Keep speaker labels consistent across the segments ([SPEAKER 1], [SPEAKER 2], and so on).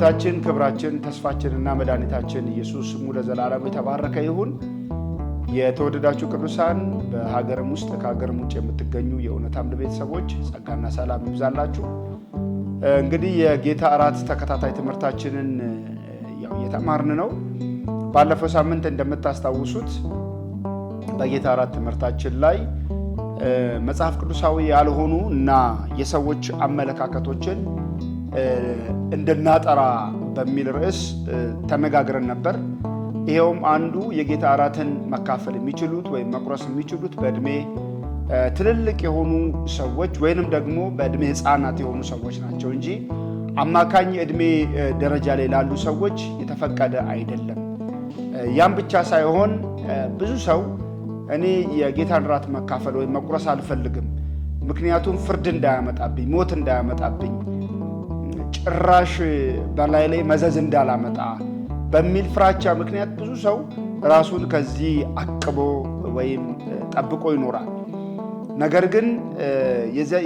[SPEAKER 1] ሕይወታችን፣ ክብራችን፣ ተስፋችንና መድኃኒታችን ኢየሱስ ስሙ ለዘላለም የተባረከ ይሁን። የተወደዳችሁ ቅዱሳን በሀገርም ውስጥ ከሀገርም ውጭ የምትገኙ የእውነት አምድ ቤተሰቦች ጸጋና ሰላም ይብዛላችሁ። እንግዲህ የጌታ እራት ተከታታይ ትምህርታችንን እየተማርን ነው። ባለፈው ሳምንት እንደምታስታውሱት በጌታ እራት ትምህርታችን ላይ መጽሐፍ ቅዱሳዊ ያልሆኑ እና የሰዎች አመለካከቶችን እንድናጠራ በሚል ርዕስ ተነጋግረን ነበር። ይኸውም አንዱ የጌታ እራትን መካፈል የሚችሉት ወይም መቁረስ የሚችሉት በእድሜ ትልልቅ የሆኑ ሰዎች ወይንም ደግሞ በእድሜ ሕፃናት የሆኑ ሰዎች ናቸው እንጂ አማካኝ እድሜ ደረጃ ላይ ላሉ ሰዎች የተፈቀደ አይደለም። ያም ብቻ ሳይሆን ብዙ ሰው እኔ የጌታን እራት መካፈል ወይም መቁረስ አልፈልግም፣ ምክንያቱም ፍርድ እንዳያመጣብኝ፣ ሞት እንዳያመጣብኝ ጭራሽ በላይ ላይ መዘዝ እንዳላመጣ በሚል ፍራቻ ምክንያት ብዙ ሰው ራሱን ከዚህ አቅቦ ወይም ጠብቆ ይኖራል። ነገር ግን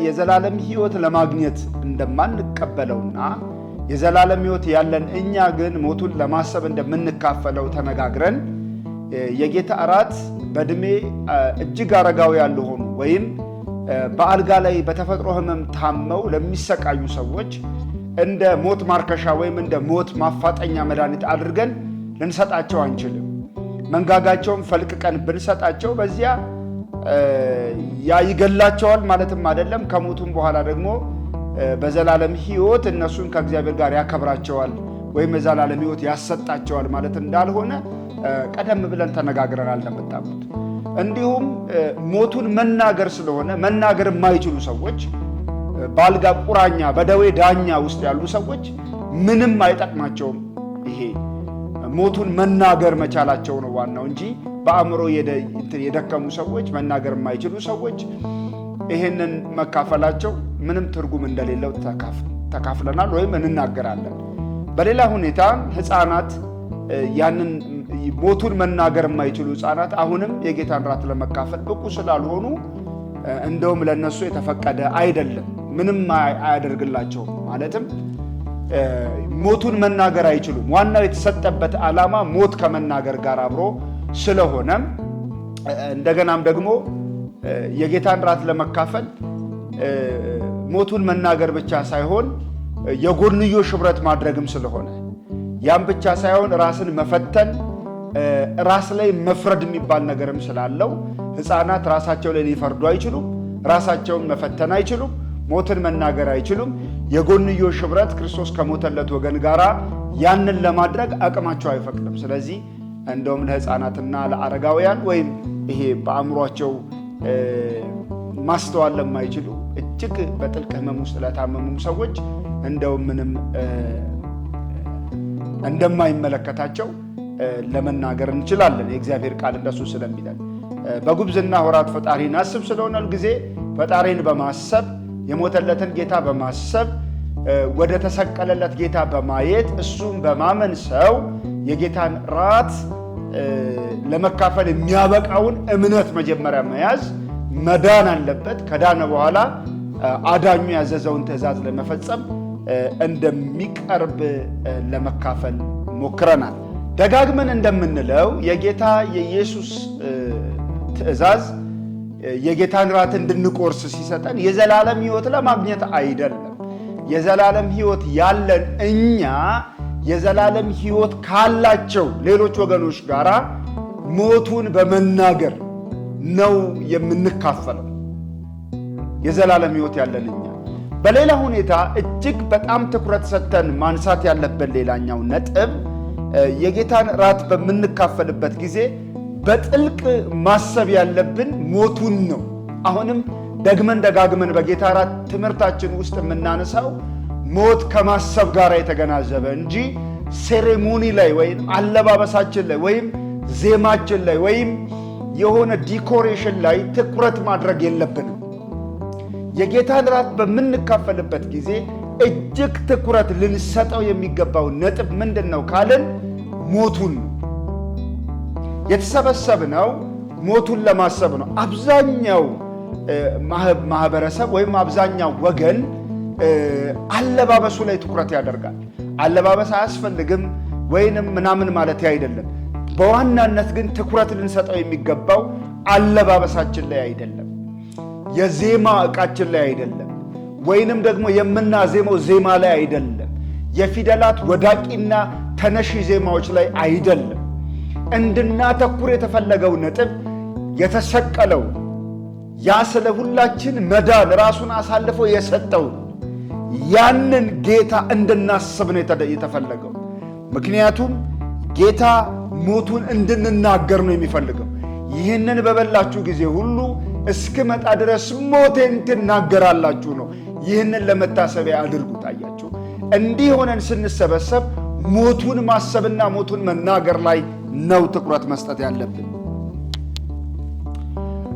[SPEAKER 1] የዘላለም ሕይወት ለማግኘት እንደማንቀበለውና የዘላለም ሕይወት ያለን እኛ ግን ሞቱን ለማሰብ እንደምንካፈለው ተነጋግረን የጌታ እራት በእድሜ እጅግ አረጋዊ ያልሆኑ ወይም በአልጋ ላይ በተፈጥሮ ሕመም ታመው ለሚሰቃዩ ሰዎች እንደ ሞት ማርከሻ ወይም እንደ ሞት ማፋጠኛ መድኃኒት አድርገን ልንሰጣቸው አንችልም። መንጋጋቸውን ፈልቅቀን ብንሰጣቸው በዚያ ያ ይገላቸዋል ማለትም አይደለም። ከሞቱም በኋላ ደግሞ በዘላለም ሕይወት እነሱን ከእግዚአብሔር ጋር ያከብራቸዋል ወይም የዘላለም ሕይወት ያሰጣቸዋል ማለት እንዳልሆነ ቀደም ብለን ተነጋግረናል። እንደምታውቁት እንዲሁም ሞቱን መናገር ስለሆነ መናገር የማይችሉ ሰዎች በአልጋ ቁራኛ በደዌ ዳኛ ውስጥ ያሉ ሰዎች ምንም አይጠቅማቸውም። ይሄ ሞቱን መናገር መቻላቸው ነው ዋናው እንጂ በአእምሮ የደከሙ ሰዎች፣ መናገር የማይችሉ ሰዎች ይሄንን መካፈላቸው ምንም ትርጉም እንደሌለው ተካፍለናል ወይም እንናገራለን። በሌላ ሁኔታ ሕፃናት ያንን ሞቱን መናገር የማይችሉ ሕፃናት አሁንም የጌታን ራት ለመካፈል ብቁ ስላልሆኑ እንደውም ለነሱ የተፈቀደ አይደለም። ምንም አያደርግላቸውም። ማለትም ሞቱን መናገር አይችሉም። ዋናው የተሰጠበት ዓላማ ሞት ከመናገር ጋር አብሮ ስለሆነም እንደገናም ደግሞ የጌታን ራት ለመካፈል ሞቱን መናገር ብቻ ሳይሆን የጎንዮሽ ኅብረት ማድረግም ስለሆነ ያም ብቻ ሳይሆን ራስን መፈተን ራስ ላይ መፍረድ የሚባል ነገርም ስላለው ህፃናት ራሳቸው ላይ ሊፈርዱ አይችሉም። ራሳቸውን መፈተን አይችሉም። ሞትን መናገር አይችሉም። የጎንዮሽ ኅብረት ክርስቶስ ከሞተለት ወገን ጋር ያንን ለማድረግ አቅማቸው አይፈቅድም። ስለዚህ እንደውም ለሕፃናትና ለአረጋውያን ወይም ይሄ በአእምሯቸው ማስተዋል ለማይችሉ እጅግ በጥልቅ ህመም ውስጥ ለታመሙም ሰዎች እንደው ምንም እንደማይመለከታቸው ለመናገር እንችላለን። የእግዚአብሔር ቃል እንደሱ ስለሚለን በጉብዝና ወራት ፈጣሪን አስብ ስለሆነል ጊዜ ፈጣሪን በማሰብ የሞተለትን ጌታ በማሰብ ወደ ተሰቀለለት ጌታ በማየት እሱን በማመን ሰው የጌታን ራት ለመካፈል የሚያበቃውን እምነት መጀመሪያ መያዝ መዳን አለበት። ከዳነ በኋላ አዳኙ ያዘዘውን ትእዛዝ ለመፈጸም እንደሚቀርብ ለመካፈል ሞክረናል። ደጋግመን እንደምንለው የጌታ የኢየሱስ ትእዛዝ የጌታን ራት እንድንቆርስ ሲሰጠን የዘላለም ሕይወት ለማግኘት አይደለም። የዘላለም ሕይወት ያለን እኛ የዘላለም ሕይወት ካላቸው ሌሎች ወገኖች ጋር ሞቱን በመናገር ነው የምንካፈለው። የዘላለም ሕይወት ያለን እኛ። በሌላ ሁኔታ እጅግ በጣም ትኩረት ሰጥተን ማንሳት ያለብን ሌላኛው ነጥብ የጌታን ራት በምንካፈልበት ጊዜ በጥልቅ ማሰብ ያለብን ሞቱን ነው። አሁንም ደግመን ደጋግመን በጌታ አራት ትምህርታችን ውስጥ የምናነሳው ሞት ከማሰብ ጋር የተገናዘበ እንጂ ሴሬሞኒ ላይ ወይም አለባበሳችን ላይ ወይም ዜማችን ላይ ወይም የሆነ ዲኮሬሽን ላይ ትኩረት ማድረግ የለብንም። የጌታን ራት በምንካፈልበት ጊዜ እጅግ ትኩረት ልንሰጠው የሚገባው ነጥብ ምንድን ነው ካለን ሞቱን ነው። የተሰበሰብነው ሞቱን ለማሰብ ነው። አብዛኛው ማህበረሰብ ወይም አብዛኛው ወገን አለባበሱ ላይ ትኩረት ያደርጋል። አለባበስ አያስፈልግም ወይንም ምናምን ማለት አይደለም። በዋናነት ግን ትኩረት ልንሰጠው የሚገባው አለባበሳችን ላይ አይደለም፣ የዜማ እቃችን ላይ አይደለም፣ ወይንም ደግሞ የምናዜመው ዜማ ላይ አይደለም፣ የፊደላት ወዳቂና ተነሺ ዜማዎች ላይ አይደለም። እንድናተኩር የተፈለገው ነጥብ የተሰቀለው ያ ስለ ሁላችን መዳን ራሱን አሳልፎ የሰጠው ያንን ጌታ እንድናስብ ነው የተፈለገው። ምክንያቱም ጌታ ሞቱን እንድንናገር ነው የሚፈልገው። ይህንን በበላችሁ ጊዜ ሁሉ እስክመጣ ድረስ ሞቴን ትናገራላችሁ ነው። ይህንን ለመታሰቢያ አድርጉ። ታያችሁ፣ እንዲህ ሆነን ስንሰበሰብ ሞቱን ማሰብና ሞቱን መናገር ላይ ነው ትኩረት መስጠት ያለብን።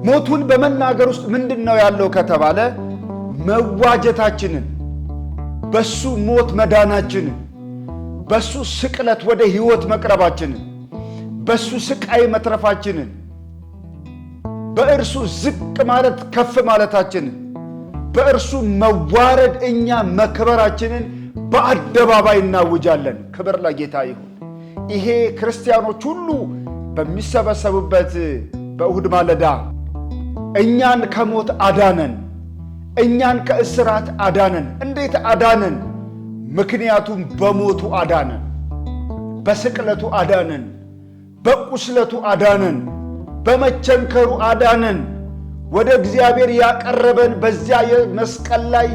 [SPEAKER 1] ሞቱን በመናገር ውስጥ ምንድን ነው ያለው ከተባለ መዋጀታችንን፣ በሱ ሞት መዳናችንን፣ በሱ ስቅለት ወደ ሕይወት መቅረባችንን፣ በሱ ስቃይ መትረፋችንን፣ በእርሱ ዝቅ ማለት ከፍ ማለታችንን፣ በእርሱ መዋረድ እኛ መክበራችንን በአደባባይ እናውጃለን። ክብር ለጌታ ይሁን። ይሄ ክርስቲያኖች ሁሉ በሚሰበሰቡበት በእሁድ ማለዳ እኛን ከሞት አዳነን፣ እኛን ከእስራት አዳነን። እንዴት አዳነን? ምክንያቱም በሞቱ አዳነን፣ በስቅለቱ አዳነን፣ በቁስለቱ አዳነን፣ በመቸንከሩ አዳነን። ወደ እግዚአብሔር ያቀረበን በዚያ መስቀል ላይ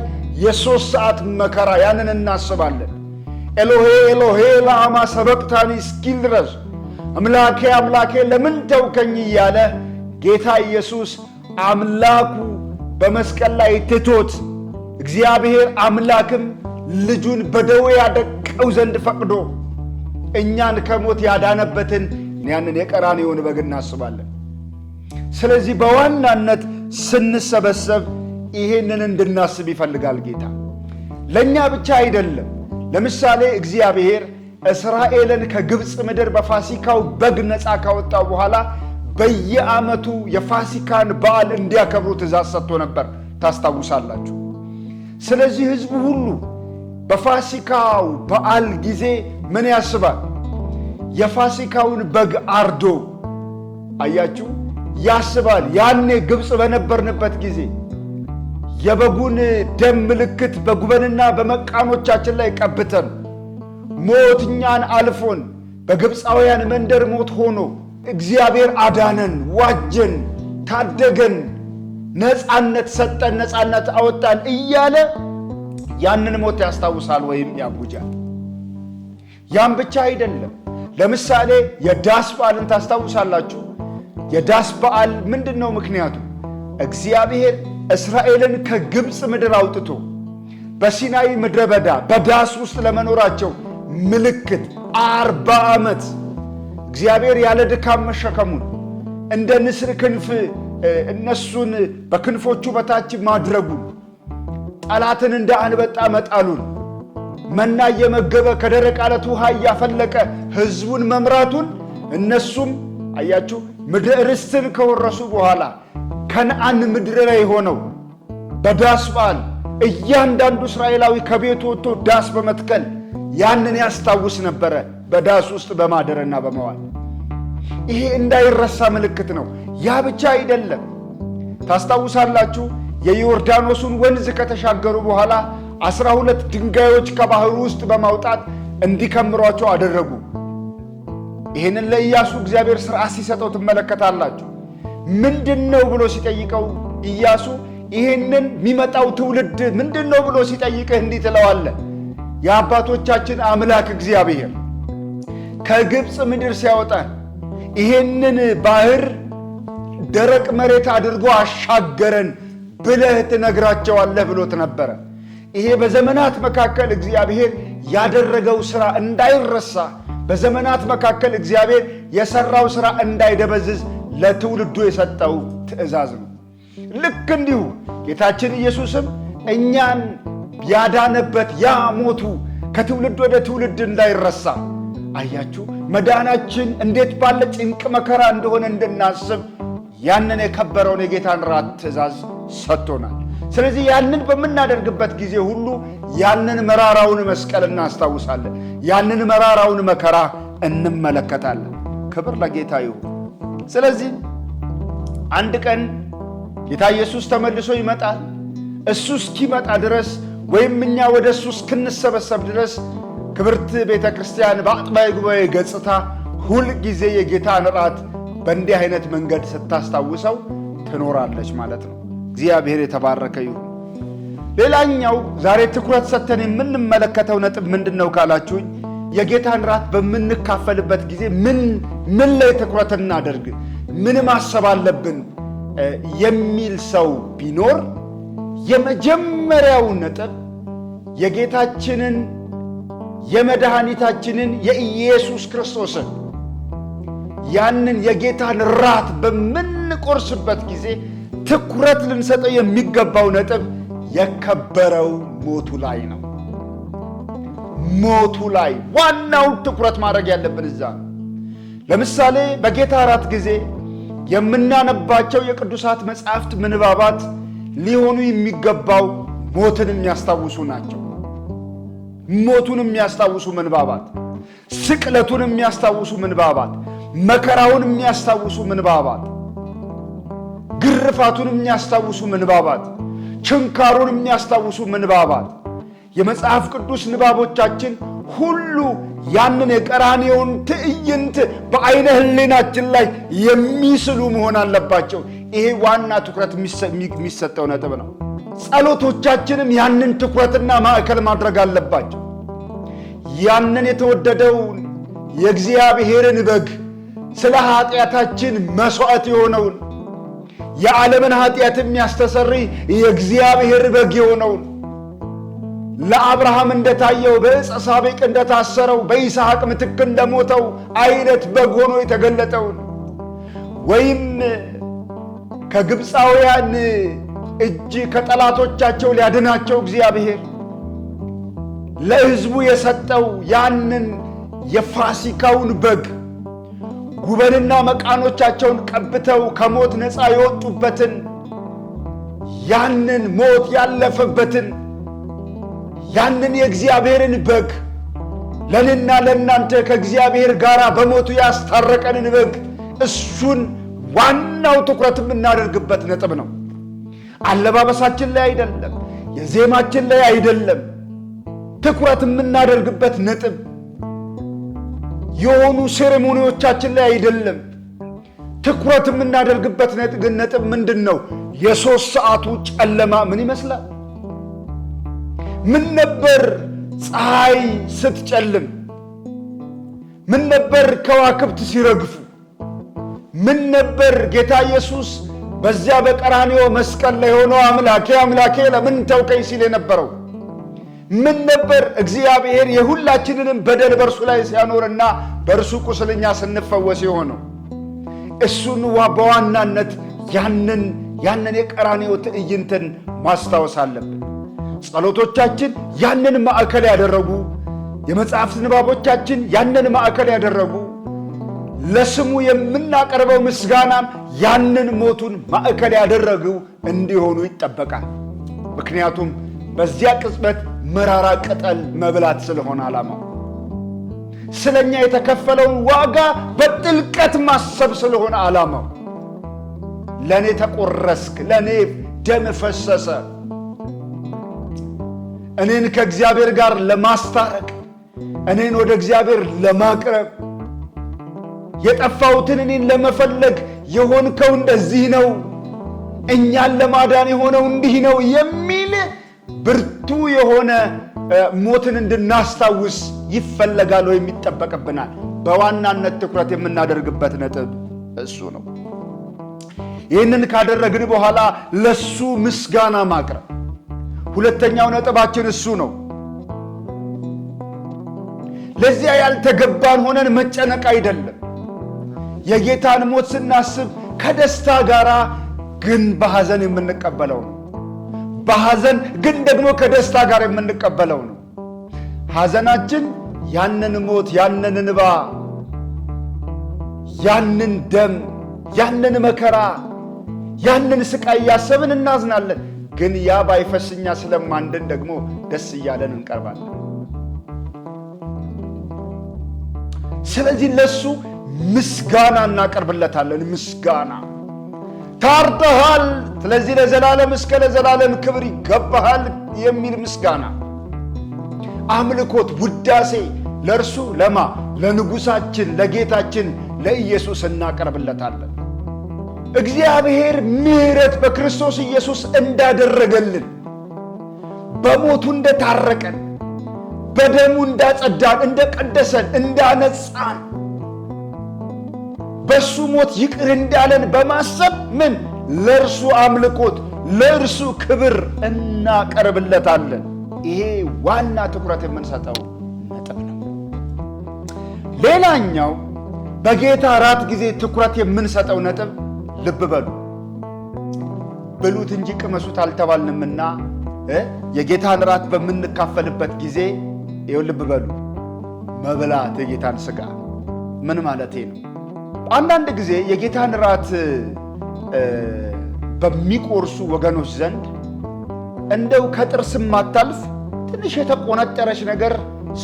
[SPEAKER 1] የሦስት ሰዓት መከራ ያንን እናስባለን። ኤሎሄ ኤሎሄ ለአማ ሰበቅታኒ እስኪል ድረስ አምላኬ አምላኬ ለምን ተውከኝ እያለ ጌታ ኢየሱስ አምላኩ በመስቀል ላይ ትቶት እግዚአብሔር አምላክም ልጁን በደዌ ያደቀው ዘንድ ፈቅዶ እኛን ከሞት ያዳነበትን ያንን የቀራንዮውን በግ እናስባለን። ስለዚህ በዋናነት ስንሰበሰብ ይሄንን እንድናስብ ይፈልጋል ጌታ። ለእኛ ብቻ አይደለም ለምሳሌ እግዚአብሔር እስራኤልን ከግብፅ ምድር በፋሲካው በግ ነፃ ካወጣ በኋላ በየዓመቱ የፋሲካን በዓል እንዲያከብሩ ትእዛዝ ሰጥቶ ነበር። ታስታውሳላችሁ። ስለዚህ ሕዝቡ ሁሉ በፋሲካው በዓል ጊዜ ምን ያስባል? የፋሲካውን በግ አርዶ አያችሁ፣ ያስባል። ያኔ ግብፅ በነበርንበት ጊዜ የበጉን ደም ምልክት በጉበንና በመቃኖቻችን ላይ ቀብተን ሞት እኛን አልፎን በግብፃውያን መንደር ሞት ሆኖ እግዚአብሔር አዳነን፣ ዋጀን፣ ታደገን፣ ነፃነት ሰጠን፣ ነፃነት አወጣን እያለ ያንን ሞት ያስታውሳል ወይም ያጉጃል? ያም ብቻ አይደለም። ለምሳሌ የዳስ በዓልን ታስታውሳላችሁ። የዳስ በዓል ምንድን ነው ምክንያቱ? እግዚአብሔር እስራኤልን ከግብፅ ምድር አውጥቶ በሲናይ ምድረ በዳ በዳስ ውስጥ ለመኖራቸው ምልክት አርባ ዓመት እግዚአብሔር ያለ ድካም መሸከሙን እንደ ንስር ክንፍ እነሱን በክንፎቹ በታች ማድረጉን ጠላትን እንደ አንበጣ መጣሉን መና እየመገበ ከደረቅ አለት ውሃ እያፈለቀ ሕዝቡን መምራቱን እነሱም አያችሁ ምድር ርስትን ከወረሱ በኋላ ከነአን ምድር ላይ ሆነው በዳስ በዓል እያንዳንዱ እስራኤላዊ ከቤቱ ወጥቶ ዳስ በመትከል ያንን ያስታውስ ነበረ። በዳስ ውስጥ በማደርና በመዋል ይሄ እንዳይረሳ ምልክት ነው። ያ ብቻ አይደለም። ታስታውሳላችሁ የዮርዳኖሱን ወንዝ ከተሻገሩ በኋላ አስራ ሁለት ድንጋዮች ከባህሩ ውስጥ በማውጣት እንዲከምሯቸው አደረጉ። ይህንን ለኢያሱ እግዚአብሔር ሥርዓት ሲሰጠው ትመለከታላችሁ። ምንድን ነው ብሎ ሲጠይቀው ኢያሱ ይህንን የሚመጣው ትውልድ ምንድን ነው ብሎ ሲጠይቅህ እንዲህ ትለዋለ የአባቶቻችን አምላክ እግዚአብሔር ከግብፅ ምድር ሲያወጣን ይሄንን ባህር ደረቅ መሬት አድርጎ አሻገረን ብለህ ትነግራቸዋለህ ብሎት ነበረ። ይሄ በዘመናት መካከል እግዚአብሔር ያደረገው ሥራ እንዳይረሳ፣ በዘመናት መካከል እግዚአብሔር የሠራው ሥራ እንዳይደበዝዝ ለትውልዱ የሰጠው ትእዛዝ ነው። ልክ እንዲሁ ጌታችን ኢየሱስም እኛን ያዳነበት ያ ሞቱ ከትውልድ ወደ ትውልድ እንዳይረሳ አያችሁ፣ መዳናችን እንዴት ባለ ጭንቅ መከራ እንደሆነ እንድናስብ ያንን የከበረውን የጌታን ራት ትእዛዝ ሰጥቶናል። ስለዚህ ያንን በምናደርግበት ጊዜ ሁሉ ያንን መራራውን መስቀል እናስታውሳለን። ያንን መራራውን መከራ እንመለከታለን። ክብር ለጌታ ይሁን። ስለዚህ አንድ ቀን ጌታ ኢየሱስ ተመልሶ ይመጣል። እሱ እስኪመጣ ድረስ ወይም እኛ ወደ እሱ እስክንሰበሰብ ድረስ ክብርት ቤተ ክርስቲያን በአጥባይ ጉባኤ ገጽታ ሁል ጊዜ የጌታን ራት በእንዲህ አይነት መንገድ ስታስታውሰው ትኖራለች ማለት ነው። እግዚአብሔር የተባረከ ይሁን። ሌላኛው ዛሬ ትኩረት ሰጥተን የምንመለከተው ነጥብ ምንድን ነው ካላችሁኝ የጌታን ራት በምንካፈልበት ጊዜ ምን ምን ላይ ትኩረት እናደርግ፣ ምን ማሰብ አለብን የሚል ሰው ቢኖር የመጀመሪያው ነጥብ የጌታችንን የመድኃኒታችንን የኢየሱስ ክርስቶስን ያንን የጌታን ራት በምንቆርስበት ጊዜ ትኩረት ልንሰጠው የሚገባው ነጥብ የከበረው ሞቱ ላይ ነው። ሞቱ ላይ ዋናውን ትኩረት ማድረግ ያለብን እዛ ነው። ለምሳሌ በጌታ እራት ጊዜ የምናነባቸው የቅዱሳት መጻሕፍት ምንባባት ሊሆኑ የሚገባው ሞትን የሚያስታውሱ ናቸው። ሞቱን የሚያስታውሱ ምንባባት፣ ስቅለቱን የሚያስታውሱ ምንባባት፣ መከራውን የሚያስታውሱ ምንባባት፣ ግርፋቱን የሚያስታውሱ ምንባባት፣ ችንካሩን የሚያስታውሱ ምንባባት የመጽሐፍ ቅዱስ ንባቦቻችን ሁሉ ያንን የቀራኔውን ትዕይንት በአይነ ሕሊናችን ላይ የሚስሉ መሆን አለባቸው። ይሄ ዋና ትኩረት የሚሰጠው ነጥብ ነው። ጸሎቶቻችንም ያንን ትኩረትና ማዕከል ማድረግ አለባቸው። ያንን የተወደደው የእግዚአብሔርን በግ ስለ ኃጢአታችን መሥዋዕት የሆነውን የዓለምን ኃጢአት የሚያስተሰሪ የእግዚአብሔር በግ የሆነውን ለአብርሃም እንደታየው በዕፀ ሳቤቅ እንደታሰረው በይስሐቅ ምትክ እንደሞተው አይነት በግ ሆኖ የተገለጠውን ወይም ከግብፃውያን እጅ ከጠላቶቻቸው ሊያድናቸው እግዚአብሔር ለሕዝቡ የሰጠው ያንን የፋሲካውን በግ ጉበንና መቃኖቻቸውን ቀብተው ከሞት ነፃ የወጡበትን ያንን ሞት ያለፈበትን ያንን የእግዚአብሔርን በግ ለእኔና ለእናንተ ከእግዚአብሔር ጋር በሞቱ ያስታረቀንን በግ እሱን ዋናው ትኩረት የምናደርግበት ነጥብ ነው። አለባበሳችን ላይ አይደለም፣ የዜማችን ላይ አይደለም። ትኩረት የምናደርግበት ነጥብ የሆኑ ሴሬሞኒዎቻችን ላይ አይደለም። ትኩረት የምናደርግበት ነጥብ ምንድን ነው? የሦስት ሰዓቱ ጨለማ ምን ይመስላል? ምን ነበር ፀሐይ ስትጨልም? ምን ነበር ከዋክብት ሲረግፉ? ምን ነበር ጌታ ኢየሱስ በዚያ በቀራንዮ መስቀል ላይ ሆኖ አምላኬ አምላኬ ለምን ተውከኝ ሲል የነበረው? ምን ነበር እግዚአብሔር የሁላችንንም በደል በእርሱ ላይ ሲያኖርና በእርሱ ቁስልኛ ስንፈወስ የሆነው? እሱን በዋናነት ያንን ያንን የቀራንዮ ትዕይንትን ማስታወስ አለብን። ጸሎቶቻችን ያንን ማዕከል ያደረጉ፣ የመጽሐፍ ንባቦቻችን ያንን ማዕከል ያደረጉ፣ ለስሙ የምናቀርበው ምስጋናም ያንን ሞቱን ማዕከል ያደረጉ እንዲሆኑ ይጠበቃል። ምክንያቱም በዚያ ቅጽበት መራራ ቅጠል መብላት ስለሆነ ዓላማው ስለኛ የተከፈለውን ዋጋ በጥልቀት ማሰብ ስለሆነ ዓላማው ለእኔ ተቆረስክ፣ ለእኔ ደም ፈሰሰ እኔን ከእግዚአብሔር ጋር ለማስታረቅ እኔን ወደ እግዚአብሔር ለማቅረብ የጠፋሁትን እኔን ለመፈለግ የሆንከው እንደዚህ ነው፣ እኛን ለማዳን የሆነው እንዲህ ነው የሚል ብርቱ የሆነ ሞትን እንድናስታውስ ይፈለጋል ወይም ይጠበቅብናል። በዋናነት ትኩረት የምናደርግበት ነጥብ እሱ ነው። ይህንን ካደረግን በኋላ ለሱ ምስጋና ማቅረብ ሁለተኛው ነጥባችን እሱ ነው። ለዚያ ያልተገባን ሆነን መጨነቅ አይደለም። የጌታን ሞት ስናስብ ከደስታ ጋር ግን በሐዘን የምንቀበለው ነው። በሐዘን ግን ደግሞ ከደስታ ጋር የምንቀበለው ነው። ሐዘናችን ያንን ሞት፣ ያንን እንባ፣ ያንን ደም፣ ያንን መከራ፣ ያንን ስቃይ እያሰብን እናዝናለን። ግን ያ ባይፈስኛ ስለማንድን ደግሞ ደስ እያለን እንቀርባለን። ስለዚህ ለሱ ምስጋና እናቀርብለታለን። ምስጋና ታርተሃል፣ ስለዚህ ለዘላለም እስከ ለዘላለም ክብር ይገባሃል የሚል ምስጋና፣ አምልኮት፣ ውዳሴ ለእርሱ ለማ ለንጉሳችን ለጌታችን ለኢየሱስ እናቀርብለታለን። እግዚአብሔር ምሕረት በክርስቶስ ኢየሱስ እንዳደረገልን በሞቱ እንደታረቀን በደሙ እንዳጸዳን እንደቀደሰን እንዳነጻን በእሱ ሞት ይቅር እንዳለን በማሰብ ምን ለእርሱ አምልኮት ለእርሱ ክብር እናቀርብለታለን። ይሄ ዋና ትኩረት የምንሰጠው ነጥብ ነው። ሌላኛው በጌታ እራት ጊዜ ትኩረት የምንሰጠው ነጥብ ልብ በሉ። ብሉት እንጂ ቅመሱት አልተባልንምና የጌታን ራት በምንካፈልበት ጊዜ ይኸው ልብ በሉ። መብላት የጌታን ስጋ ምን ማለቴ ነው? አንዳንድ ጊዜ የጌታን ራት በሚቆርሱ ወገኖች ዘንድ እንደው ከጥርስ ማታልፍ ትንሽ የተቆነጠረች ነገር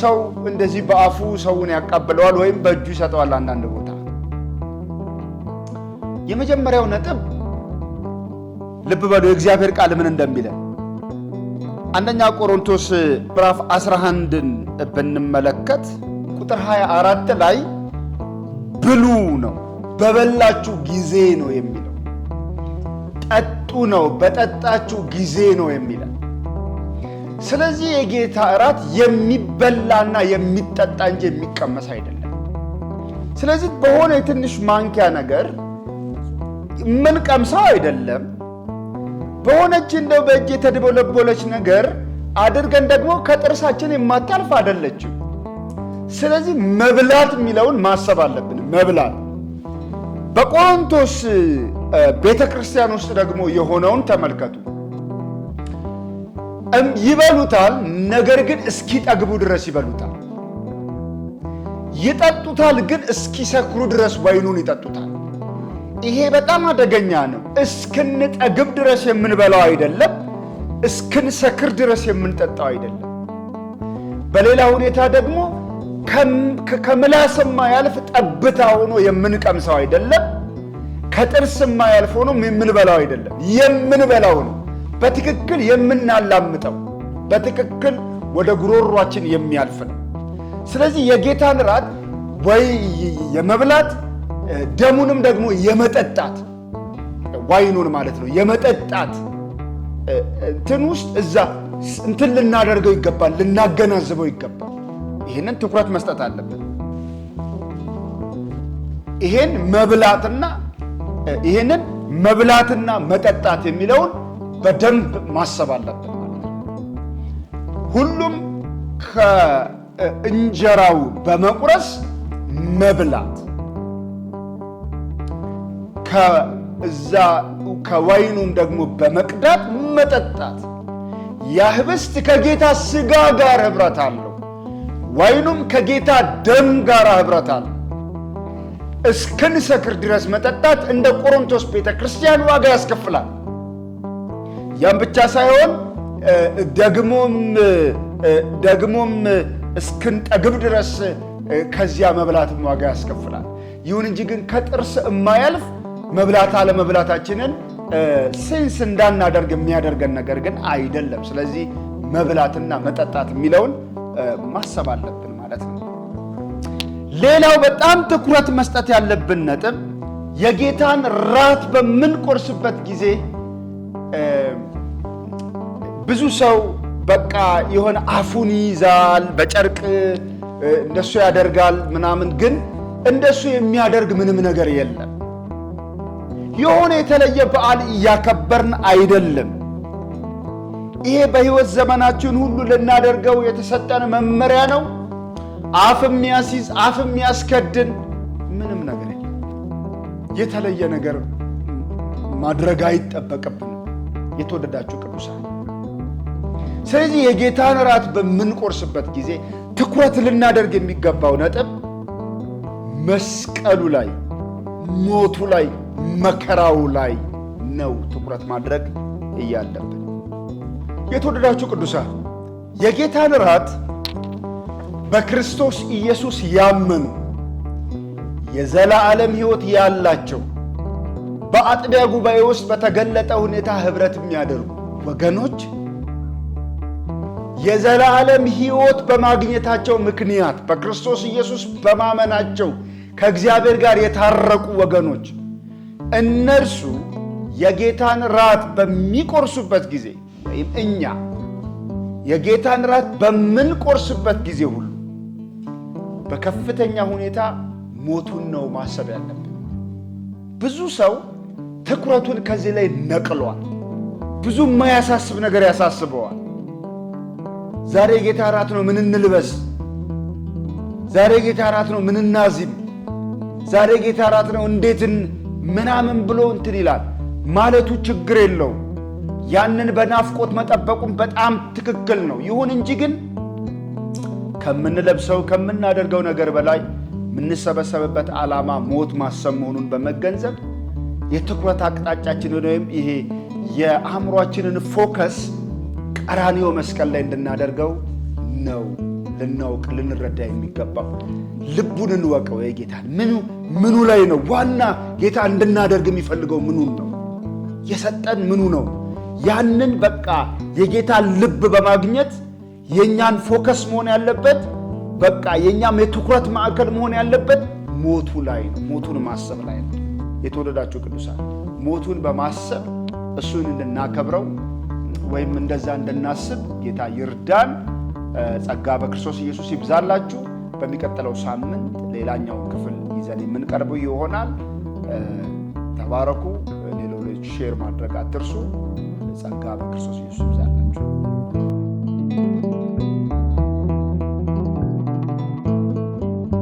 [SPEAKER 1] ሰው እንደዚህ በአፉ ሰውን ያቃብለዋል ወይም በእጁ ይሰጠዋል። አንዳንድ ቦታ የመጀመሪያው ነጥብ ልብ በሉ የእግዚአብሔር ቃል ምን እንደሚለ አንደኛ ቆሮንቶስ ምዕራፍ 11ን ብንመለከት ቁጥር 24 ላይ ብሉ ነው፣ በበላችሁ ጊዜ ነው የሚለው። ጠጡ ነው፣ በጠጣችሁ ጊዜ ነው የሚለው። ስለዚህ የጌታ እራት የሚበላና የሚጠጣ እንጂ የሚቀመስ አይደለም። ስለዚህ በሆነ የትንሽ ማንኪያ ነገር ምን ቀምሰው አይደለም በሆነች እንደው በእጅ የተደበለቦለች ነገር አድርገን ደግሞ ከጥርሳችን የማታልፍ አይደለችም። ስለዚህ መብላት የሚለውን ማሰብ አለብን። መብላት በቆሮንቶስ ቤተ ክርስቲያን ውስጥ ደግሞ የሆነውን ተመልከቱ። ይበሉታል፣ ነገር ግን እስኪጠግቡ ድረስ ይበሉታል። ይጠጡታል፣ ግን እስኪሰክሩ ድረስ ወይኑን ይጠጡታል። ይሄ በጣም አደገኛ ነው። እስክንጠግብ ድረስ የምንበላው አይደለም፣ እስክንሰክር ድረስ የምንጠጣው አይደለም። በሌላ ሁኔታ ደግሞ ከምላስማ ያልፍ ጠብታ ሆኖ የምንቀምሰው አይደለም፣ ከጥርስማ ያልፍ ሆኖ የምንበላው አይደለም። የምንበላው ነው በትክክል የምናላምጠው በትክክል ወደ ጉሮሯችን የሚያልፍ ነው። ስለዚህ የጌታን ራት ወይ የመብላት ደሙንም ደግሞ የመጠጣት ዋይኑን ማለት ነው የመጠጣት እንትን ውስጥ እዛ እንትን ልናደርገው ይገባል፣ ልናገናዝበው ይገባል። ይህንን ትኩረት መስጠት አለብን። ይሄን መብላትና ይሄንን መብላትና መጠጣት የሚለውን በደንብ ማሰብ አለብን ማለት ነው። ሁሉም ከእንጀራው በመቁረስ መብላት ከዛ ከወይኑም ደግሞ በመቅዳት መጠጣት። ያ ህብስት ከጌታ ስጋ ጋር ኅብረት አለው፣ ወይኑም ከጌታ ደም ጋር ኅብረት አለው። እስክንሰክር ድረስ መጠጣት እንደ ቆሮንቶስ ቤተ ክርስቲያን ዋጋ ያስከፍላል። ያም ብቻ ሳይሆን ደግሞም ደግሞም እስክንጠግብ ድረስ ከዚያ መብላትም ዋጋ ያስከፍላል። ይሁን እንጂ ግን ከጥርስ የማያልፍ መብላት አለመብላታችንን ሴንስ እንዳናደርግ የሚያደርገን ነገር ግን አይደለም። ስለዚህ መብላትና መጠጣት የሚለውን ማሰብ አለብን ማለት ነው። ሌላው በጣም ትኩረት መስጠት ያለብን ነጥብ የጌታን ራት በምንቆርስበት ጊዜ ብዙ ሰው በቃ የሆነ አፉን ይይዛል፣ በጨርቅ እንደሱ ያደርጋል ምናምን፣ ግን እንደሱ የሚያደርግ ምንም ነገር የለም። የሆነ የተለየ በዓል እያከበርን አይደለም። ይሄ በሕይወት ዘመናችን ሁሉ ልናደርገው የተሰጠን መመሪያ ነው። አፍ የሚያስይዝ አፍ የሚያስከድን ምንም ነገር የለም። የተለየ ነገር ማድረግ አይጠበቅብን የተወደዳችሁ ቅዱሳን፣ ስለዚህ የጌታን እራት በምንቆርስበት ጊዜ ትኩረት ልናደርግ የሚገባው ነጥብ መስቀሉ ላይ ሞቱ ላይ መከራው ላይ ነው ትኩረት ማድረግ እያለብን። የተወደዳችሁ ቅዱሳን የጌታን እራት በክርስቶስ ኢየሱስ ያመኑ የዘላለም ሕይወት ያላቸው በአጥቢያ ጉባኤ ውስጥ በተገለጠ ሁኔታ ኅብረት የሚያደርጉ ወገኖች የዘላለም ሕይወት በማግኘታቸው ምክንያት በክርስቶስ ኢየሱስ በማመናቸው ከእግዚአብሔር ጋር የታረቁ ወገኖች እነርሱ የጌታን ራት በሚቆርሱበት ጊዜ ወይም እኛ የጌታን ራት በምንቆርስበት ጊዜ ሁሉ በከፍተኛ ሁኔታ ሞቱን ነው ማሰብ ያለብን። ብዙ ሰው ትኩረቱን ከዚህ ላይ ነቅሏል። ብዙ የማያሳስብ ነገር ያሳስበዋል። ዛሬ ጌታ ራት ነው፣ ምን እንልበስ? ዛሬ ጌታ ራት ነው፣ ምን እናዚም? ዛሬ ጌታ ራት ነው፣ እንዴት ምናምን ብሎ እንትን ይላል ማለቱ ችግር የለው ያንን በናፍቆት መጠበቁም በጣም ትክክል ነው። ይሁን እንጂ ግን ከምንለብሰው ከምናደርገው ነገር በላይ የምንሰበሰብበት ዓላማ ሞት ማሰብ መሆኑን በመገንዘብ የትኩረት አቅጣጫችንን ወይም ይሄ የአእምሯችንን ፎከስ ቀራኒዮ መስቀል ላይ እንድናደርገው ነው። ልናውቅ ልንረዳ የሚገባው። ልቡን እንወቀው። ጌታ ምኑ ምኑ ላይ ነው ዋና ጌታ እንድናደርግ የሚፈልገው ምኑን ነው የሰጠን ምኑ ነው? ያንን በቃ የጌታ ልብ በማግኘት የእኛን ፎከስ መሆን ያለበት በቃ የእኛም የትኩረት ማዕከል መሆን ያለበት ሞቱ ላይ ነው። ሞቱን ማሰብ ላይ ነው። የተወደዳችሁ ቅዱሳን ሞቱን በማሰብ እሱን እንድናከብረው ወይም እንደዛ እንድናስብ ጌታ ይርዳን። ጸጋ በክርስቶስ ኢየሱስ ይብዛላችሁ። በሚቀጥለው ሳምንት ሌላኛው ክፍል ይዘን የምንቀርበው ይሆናል። ተባረኩ። ሌሎች ሼር ማድረግ አትርሱ። ጸጋ በክርስቶስ ኢየሱስ ይብዛላችሁ።